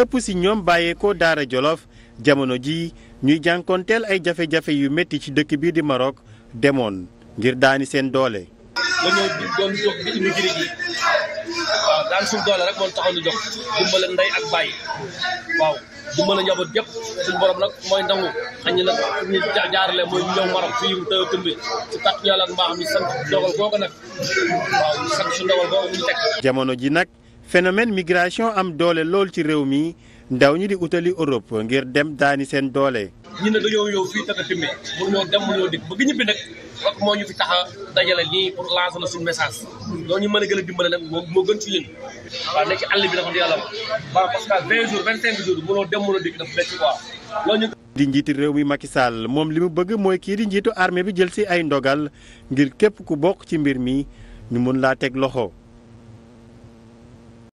ëpp si ñoom bàyyeekoo Daara Jolof jamono ji ñuy jànkoonteel ay jafe-jafe yu métti ci dëkk bii di Maroc demoon ngir daani seen doole. dañoo doon jox bi immigré yi waaw daan suñu doole rek moo taxoon di jox ndey ak bàyyi waaw dimbale njaboot yëpp suñu borom nag mooy ndangu xañ nag ñu jaarale mooy ñëw Maroc fii mu tëw tëmbi ci tat yàlla ak mbaax sant dogal googu nag waaw sant suñu dogal googu ñu teg. jamono ji nag. phénomène migration am doole loolu ci réew mi ndaw ñi di utali Europe ngir dem daani seen doole. ñu ne dañoo yow fii fi mu mënoo dem moo ñu fi a dajale nii pour nag moo gën ci ñun. waaw ne ci àll bi dafa di yàlla waaw parce que di njiiti réew mi Macky Sall moom li mu bëgg mooy kii di njiitu armee bi jël si ay ndogal ngir képp ku bokk ci mbir mi ñu mën laa teg loxo.